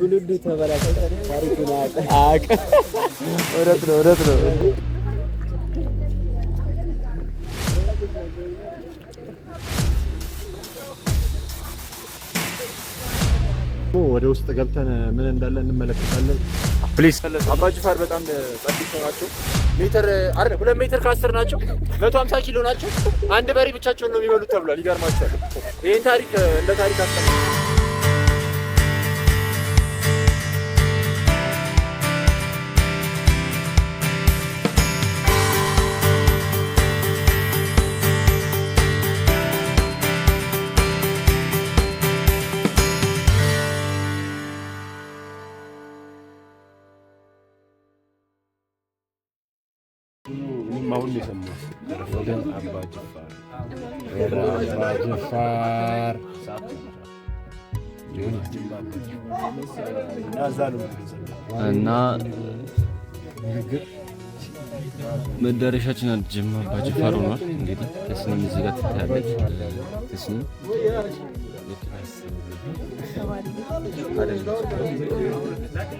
ብሉዱ ተበላሸ። ታሪኩን አያውቅም። እውነት ነው፣ እውነት ነው። ወደ ውስጥ ገብተን ምን እንዳለ እንመለከታለን። ፕሊዝ አባጅ ፋር በጣም ጠቢቅ ናቸው። ሜትር አይደል ሁለት ሜትር ከአስር ናቸው። መቶ ሀምሳ ኪሎ ናቸው። አንድ በሬ ብቻቸውን ነው የሚበሉት ተብሏል። ይገርማቸዋል። ይህን ታሪክ እንደ ታሪክ አስተማ ስም ወደን አባ ጅፋር አባ ጅፋር እና መዳረሻችን አልጀማ አባ ጅፋር ሆኗል። እንግዲህ ተስኒም እዚህ ጋር ትታያለች። ተስኒም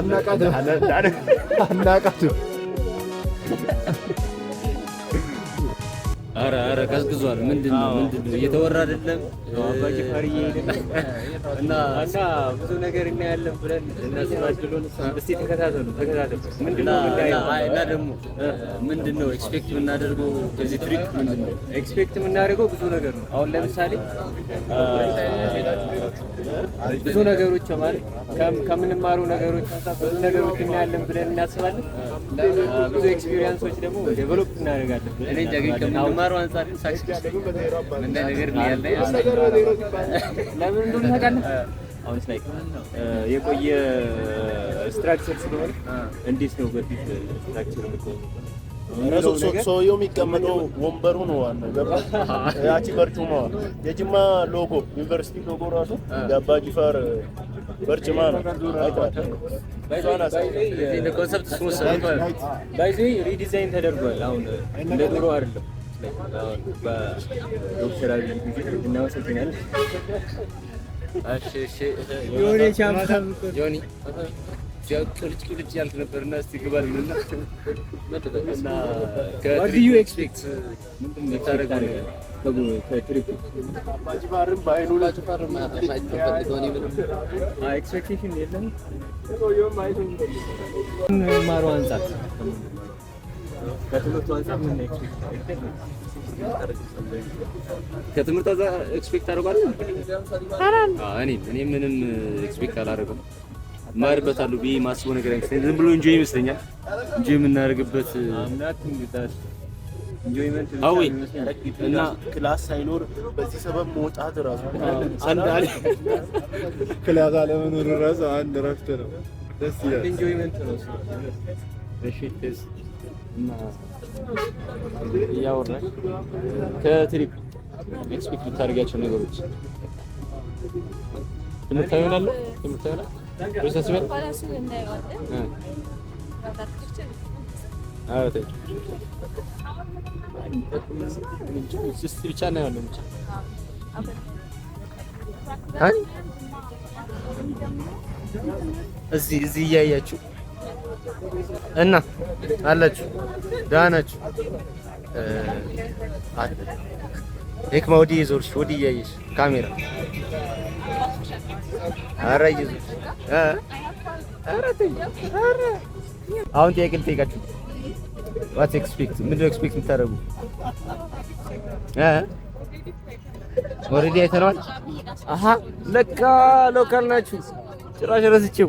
አናቃትም አናቃትም አረ አረ ቀዝቅዟል። ምንድን ነው ምንድን ነው እየተወራ አይደለም እና እና ብዙ ነገር እናያለን ብለን እናስባድሉን እስቲ ተከታተሉ፣ ተከታተሉ። ምንድን ነው እና ደግሞ ምንድን ነው ኤክስፔክት የምናደርገው ከዚህ ትሪክ ምንድን ነው ኤክስፔክት የምናደርገው? ብዙ ነገር ነው። አሁን ለምሳሌ ብዙ ነገሮች ማለት ከምንማሩ ነገሮች ብዙ ነገሮች እናያለን ብለን እናስባለን። ብዙ ኤክስፒሪየንሶች ደግሞ ዴቨሎፕ እናደርጋለን። እኔ ጀግኝ ከምንማር ከመማሩ አንጻር ግን ሳክስ ምን ነገር ያለ ለምን እንደሆነ አሁን ላይ የቆየ ስትራክቸር ስለሆነ እንዴት ነው በፊት ስትራክቸር የምትሆኑ? ሰውየው የሚቀመጠው ወንበሩ ነው ዋናው። ያቺ በርጩማዋ የጅማ ሎጎ ዩኒቨርሲቲ ሎጎ ራሱ የአባ ጅፋር በርጭማ ነው። ኮንሰፕት ሪዲዛይን ተደርጓል። አሁን እንደ ድሮ አይደለም። በዶክተር አብይ ጊዜ እናመሰግናለን። ቁልጭ ቁልጭ ያልክ ነበርና እስቲ ግባል ምንና ኤክስፔክት ኤክስፔክቴሽን የለም። ከትምህርቱ አንጻር ምን ኤክስፔክት ከትምህርት አንጻር ኤክስፔክት አደርጋለሁ? እኔ እኔ ምንም ኤክስፔክት አላደርገውም። ማርበታለሁ ብዬ ማስቦ ነገር አይመስለኝም። ዝም ብሎ ኢንጆይ ይመስለኛል። ኢንጆይ የምናደርግበት እና ክላስ ሳይኖር በዚህ ሰበብ መውጣት ክላስ አለመኖር አንድ ነው። ደስ ይላል። እያወራሽ ከትሪፕ ኤክስፔክት የምታደርጊያቸው ነገሮች ትምህርት ይሆናሉ። ትምህርት ይሆናል። ፕሮሰስበል ስስት ብቻ እናየዋለን ብቻ እዚህ እዚህ እያያችሁ እና አለች ዳነች ሄክማ ወዲህ ይዞርሽ ወዲህ እያየሽ ካሜራ አረ ይዞርሽ ተይ አሁን ጥያቄ ልጠይቃችሁ ዋት ኤክስፔክት ምንድን ነው ኤክስፔክት የምታደርጉ እ ኦልሬዲ አይተነዋል አሀ ለካ ሎካል ናችሁ ጭራሽ ረስቼው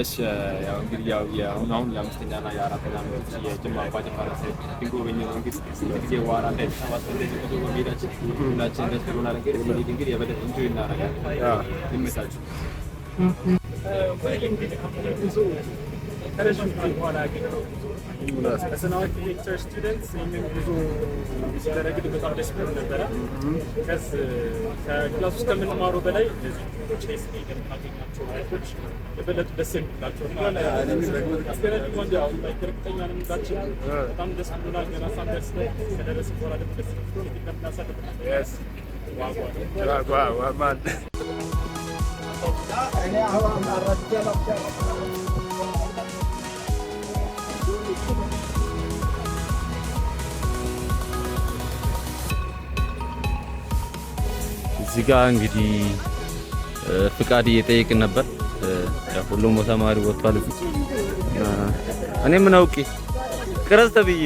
እሺ ያው እንግዲህ ያው የአሁን አሁን የአምስተኛ እና የአራተኛ ዓመት የጅማ አባጅ ፋራሴ ድንጎበኝ ነው። እንግዲህ ጊዜ ዋራ ላይ ሰባት ላይ በሜዳችን ሁላችን ደስ ብሎናል። እንግዲህ እንግዲህ የበለጠ እንጆ እናደርጋለን። ይመቻችሁ። ከረዥም ጊዜ በኋላ አገኘሁ። ከሰና አርኪቴክቸር ስቱደንት ይህንን ጉዞ ሲደረግል በጣም ደስ ብሎን ነበረ። ከዚ ከክላስ ውስጥ ከምንማሩ በላይ እነዚህ ቼስ የምናገኛቸው ላይፎች የበለጡ ደስ የሚላቸው አስገረድማንዲያሁንላይክርቅተኛ ንምዛችን በጣም ደስ ብሎናል። ገና ሳንደርስ ከደረስ በኋላ ደስ ደስ ብሎ ከምናሳልፍ ዋጓ ዋማል እዚህ ጋር እንግዲህ ፍቃድ እየጠየቅን ነበር። ሁሉም ተማሪ ወጥቷል። እኔ ምን አውቄ ቅረጽ ተብዬ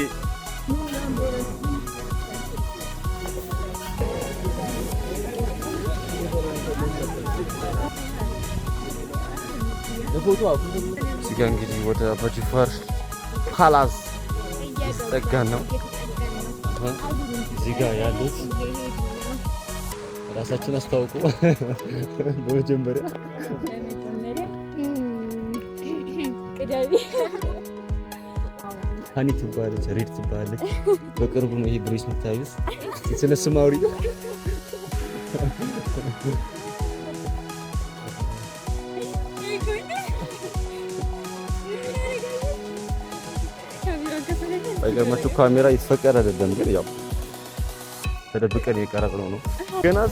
እዚህ ጋር እንግዲህ ወደ አባጅፋር ፓላስ ነው እዚህ ጋር ያሉት ራሳችን አስተዋውቁ። በመጀመሪያ ሀኒ ትባለች፣ ሬድ ትባለች። በቅርቡ ነው ይሄ ብሬስ የምታዩት። ስለ ስም አውሪ አይገርማችሁ። ካሜራ የተፈቀደ አይደለም ግን ያው ተደብቀን የቀረጽ ነው ነው ገና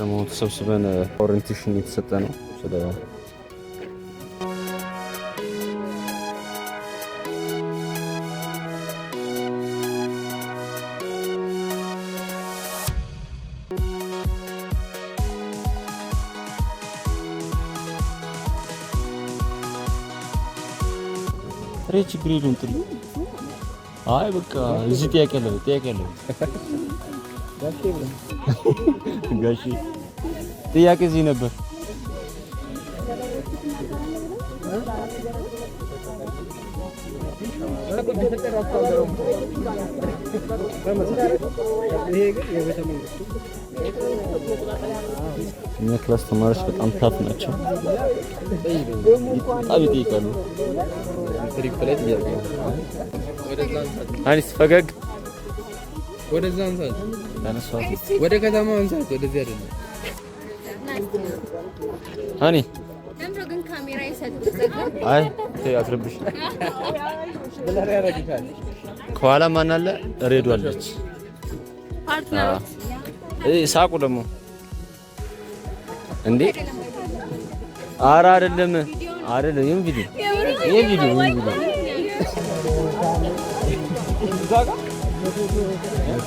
ደግሞ ተሰብስበን ኦሪንቴሽን የተሰጠ ነው ስለ ጥሬ ችግር የለውም። አይ በቃ እዚህ ጥያቄ አለ ጥያቄ አለ ጋሼ ጥያቄ እዚህ ነበር። እኛ ክላስ ተማሪዎች በጣም ታፍ ናቸው። በጣም ይጠይቃሉ። ፈገግ ወደዛ አንሳት፣ ወደ ከተማ አንሳት፣ ወደዚህ አይደለም። አኒ አይ አትረብሽ። ከኋላ ማን አለ? ሬዱ አለች። ፓርትነር ሳቁ ደግሞ እንዴ! ኧረ አይደለም፣ አይደለም። ይሄን ቪዲዮ ይሄን ቪዲዮ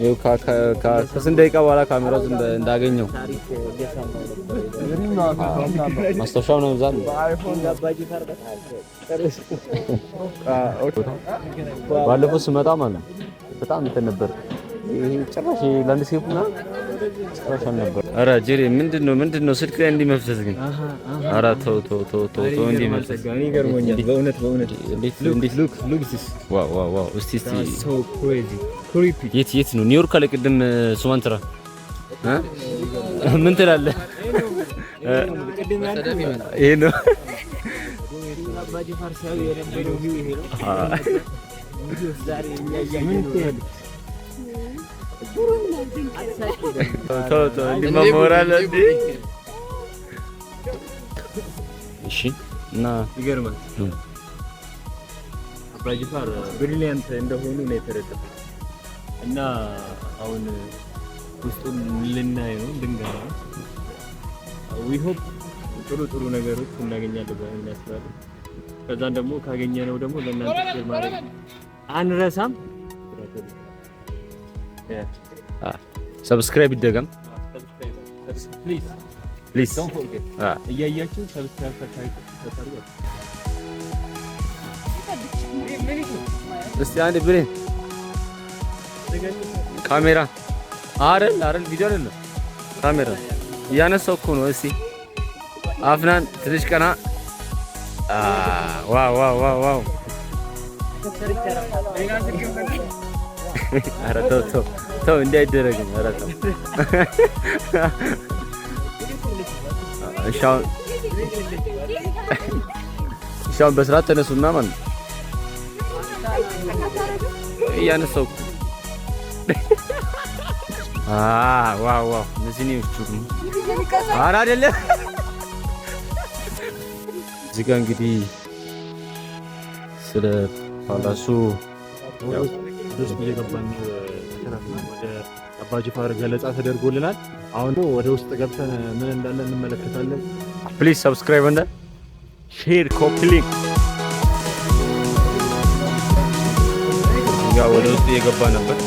ይኸው ከስንት ደቂቃ በኋላ ካሜራው እንዳገኘው ማስታወሻው ነው። ዛሬ ባለፈው ስመጣ ማለት በጣም እንትን ነበር። ጭራሽ ላንድስኬፕ ምናምን ኧረ ጀሬ ምንድን ነው ምንድን ነው? ስልክ እንዲህ መፍሰስ ግን ኧረ ተው ተው ተው ተው ተው። እንዲህ መፍሰስ የት የት ነው? ኒውዮርክ አለ ቅድም ሱማንትራ ምን ትላለህ? ይሄ ነው ቶሎ ቶሎ እንዲህ እሺ እና ይገርማል። አባጅፋር ብሪሊያንት እንደሆኑ ነው የተረዳሁት። እና አሁን ውስጡን ልናይ ነው ድንጋይ ነው። ዊሆፕ ጥሩ ጥሩ ነገሮች እናገኛለን ብለን እናስባለን። ከዛን ደግሞ ካገኘነው ደግሞ ለእናንተ ሼር ማድረግ አንረሳም። ሰብስክራይብ ይደገም። ፕሊዝ እያያችሁ ሰብስክራይብ እስቲ አንድ ብሬ ካሜራ አይደል አይደል ቪዲዮ አይደለም ካሜራ እያነሳው እኮ ነው። እስቲ አፍናን ትንሽ ቀና። ዋው ዋው ዋው ዋው! ኧረ ተው ተው ተው እንዲህ አይደረግም። ኧረ ተው እሺ። አሁን በስርዓት ተነሱና ማለት ነው እያነሳው ዋው አይደለም። እዚህ ጋር እንግዲህ ስለ ፓላሱ ወደ አባጅፋር ገለጻ ተደርጎልናል። አሁን ወደ ውስጥ ገብተን ምን እንዳለ እንመለከታለን። ፕሊዝ ሰብስክራይብ እንደ ሼር ኮፒ ያ ወደ ውስጥ እየገባ ነበር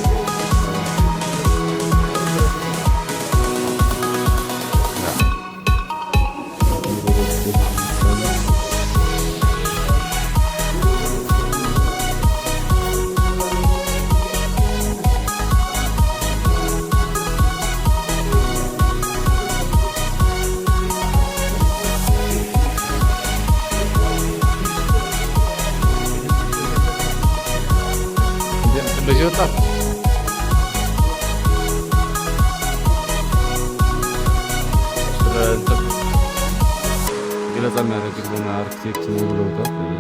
በጣም ያደረግልን አርክቴክት ነው ብለውታል።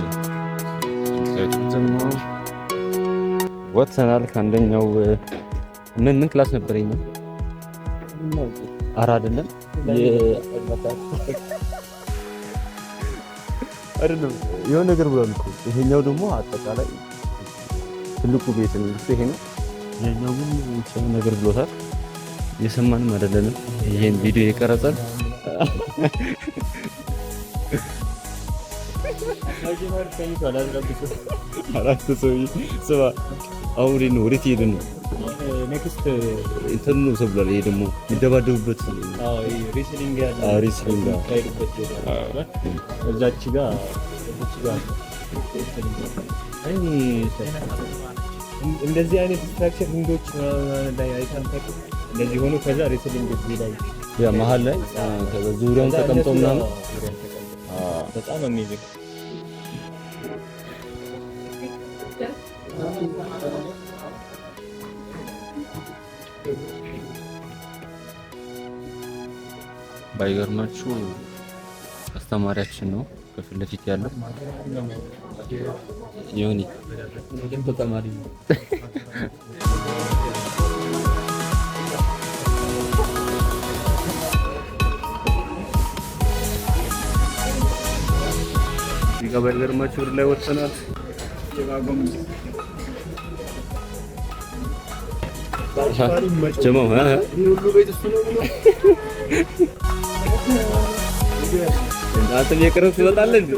ወጥተናል። ከአንደኛው ምን ምን ክላስ ነበረኝ ነው አራ አይደለም አይደለም የሆነ ነገር ብሏል እኮ ይሄኛው ደግሞ አጠቃላይ ትልቁ ቤት ነው። ይሄ ነው ይሄኛው ግን የሆነ ነገር ብሎታል። የሰማንም አይደለንም ይሄን ቪዲዮ የቀረጸን አራት ሰው ስማ፣ አሁን ነው ወዴት ሄደ ነው? ኔክስት እንትን ነው ተብሏል። ይሄ ደግሞ የሚደባደቡበት ሬስሊንግ እዛች ጋር እንደዚህ አይነት ህንዶች እንደዚህ ሆኖ ከዛ ሬስሊንግ ያ መሀል ላይ ዙሪያውን ተቀምጠው ምናምን በጣም አሜዚንግ ባይገርማችሁ አስተማሪያችን ነው ከፊት ለፊት ያለው ዮኒ ተማሪ ነው። እዚጋ ባይገርማችሁ ወደ ላይ ወጥተናል። ጀማ አንተ የቅርብ ትወጣለህ እንዴ?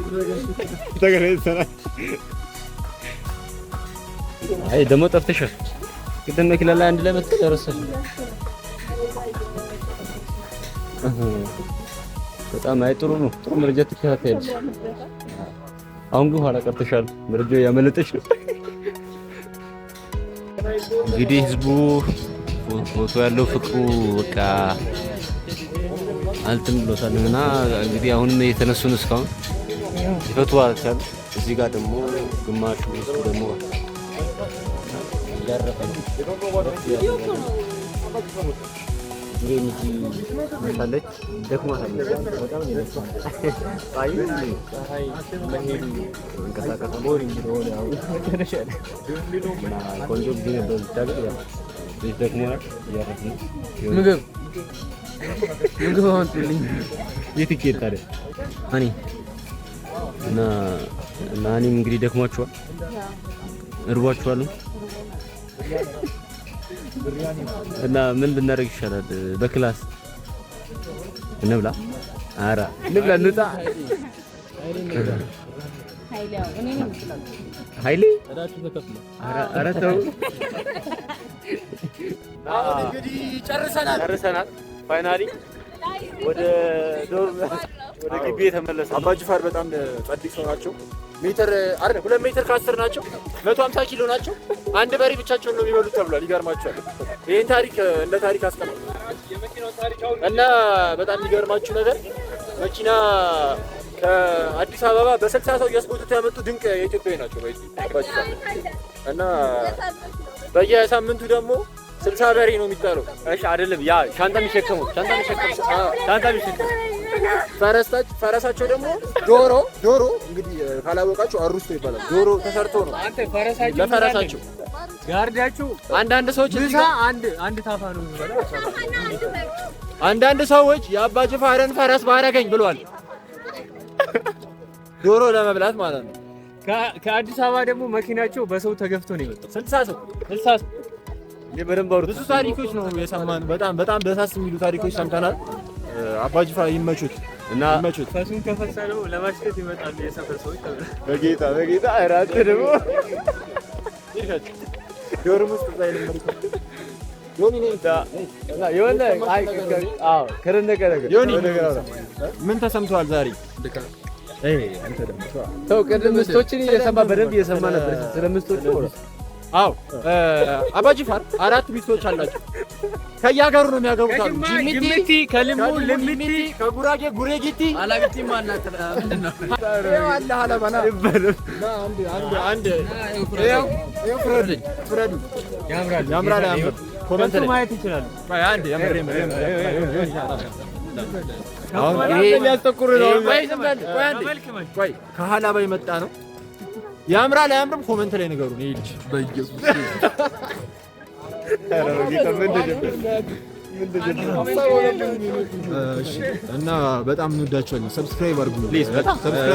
አይ ደግሞ ጠፍተሻል። ቅድም መኪና ላይ አንድ ላይ መተጨረሰሽ። በጣም አይ ጥሩ ነው። ጥሩ መረጃ ትከታተያለሽ። አሁን ግን ኋላ ቀርተሻል። መረጃው ያመለጠሽ ነው። እንግዲህ ህዝቡ ፎቶ ያለው ፍቅሩ በቃ አልትን ብሎታል እና እንግዲህ አሁን የተነሱን እስካሁን ይፈቱ አልቻሉ። እዚህ ጋር ደግሞ ግማሹ እሱ ደግሞ ሳለች ደክማ ቆንጆ ምግባውንልኝ የትኬት ታዲያ እኔ እና እና እኔም እንግዲህ ደክሟችኋል፣ እርቧችኋል እና ምን ብናደርግ ይሻላል? በክላስ እንብላ። ኧረ እንብላ፣ እንውጣ። ኃይሌ ኧረ ተው፣ ጨርሰናል። ፋይናሊ ወደ ዶርም ወደ ግቢ የተመለሰ አባ ጅፋር በጣም ጻድቅ ሰው ናቸው። ሜትር አይደል ሁለት ሜትር ከአስር ናቸው። መቶ ሀምሳ ኪሎ ናቸው። አንድ በሬ ብቻቸውን ነው የሚበሉት ተብሏል። ይገርማችኋል። ይህን ታሪክ እንደ ታሪክ አስቀምጡ እና በጣም የሚገርማችሁ ነገር መኪና ከአዲስ አበባ በስልሳ ሰው እያስጎቱት ያመጡ ድንቅ የኢትዮጵያዊ ናቸው እና በየሳምንቱ ደግሞ ስልሳ በሬ ነው የሚጣለው። እሺ አይደለም፣ ያ ሻንጣ የሚሸከሙ ሻንጣ የሚሸከሙ ሻንጣ የሚሸከሙ ፈረሳች ፈረሳቸው ደግሞ ዶሮ ዶሮ እንግዲህ ካላወቃችሁ አሩስቶ ይባላል። ዶሮ ተሰርቶ ነው አንተ ፈረሳቸው ለፈረሳቸው ጋርዳችሁ። አንዳንድ ሰዎች አንድ አንድ ታፋ ነው የሚባለው። አንዳንድ ሰዎች የአባ ጅፋርን ፈረስ ባረገኝ ብሏል። ዶሮ ለመብላት ማለት ነው። ከአዲስ አበባ ደግሞ መኪናቸው በሰው ተገፍቶ ነው የመጣው። ስልሳ ሰው ስልሳ ሰው ብዙ ታሪኮች ነው የሰማን። በጣም በጣም በሳስ የሚሉ ታሪኮች ሰምተናል። አባጅፋ ይመቹት እና ይመቹት ፈሱን ከፈሰለው ለማሽከት ይመጣሉ የሰፈር ሰዎች በጌታ በጌታ አራት ደግሞ ዶርም ውስጥ ላይ ነው ምን ተሰምተዋል ዛሬ? ተው ቅድም ምስቶችን እየሰማ በደንብ እየሰማ ነበር ስለ ምስቶቹ አዎ አባጅፋር አራት ሚስቶች አላቸው። ከየሀገሩ ነው የሚያገቡት። ጅሚቲ፣ ከልሙ ልሚቲ፣ ከጉራጌ ጉሬጊቲ፣ አላቢቲ ማናት ከሀላባ የመጣ ነው። ያምራል አያምርም? ኮመንት ላይ ንገሩን። ነው። ይልጅ እና በጣም እንወዳቸዋለን። ሰብስክራይብ አድርጉ።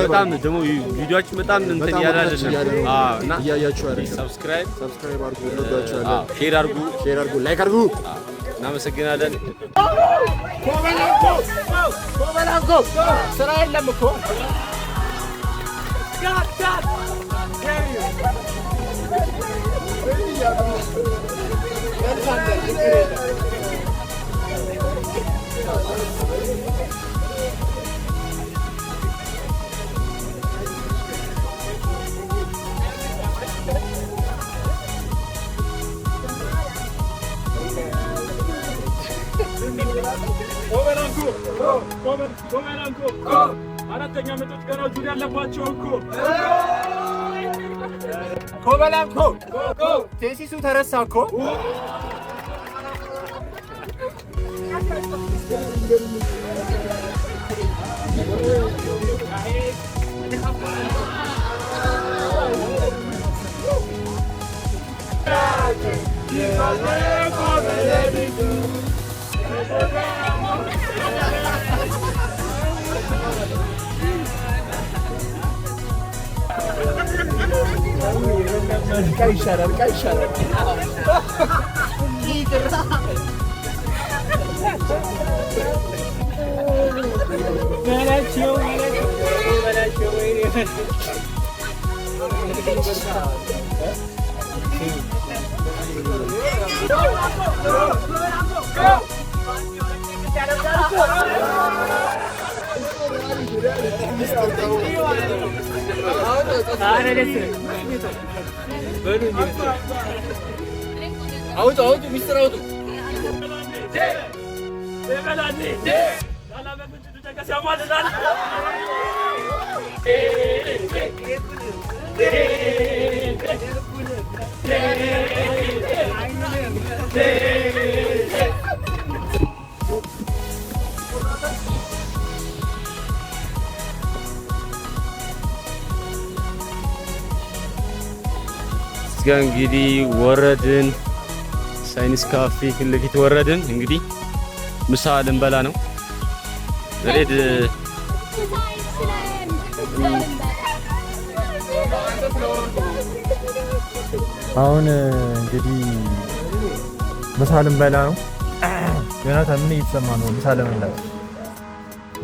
በጣም ደግሞ ቪዲዮችን በጣም እንትን እያላችሁ ሰብስክራይብ ሼር አድርጉ፣ ሼር አድርጉ፣ ላይክ አድርጉ። እናመሰግናለን። ስራ የለም እኮ God, God! Damn! Baby, 발랑코 고고 돼지수 달았어 고 이번에 Kaj siarar, kaj siarar. Meraçyo, meraçyo, meraçyo, meraçyo. Go! Go! Go! Dale, dale. Bueno, yo. Auto, auto, Mr. Auto. Yeah. እዚህ ጋር እንግዲህ ወረድን፣ ሳይንስ ካፌ ፊት ለፊት ወረድን። እንግዲህ ምሳ ልንበላ ነው። ሬድ አሁን እንግዲህ ምሳ ልንበላ ነው። ዮናታን ምን እየተሰማ ነው? ምሳ ልንበላ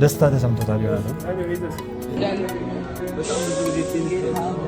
ደስታ ተሰምቶታል ዮናታን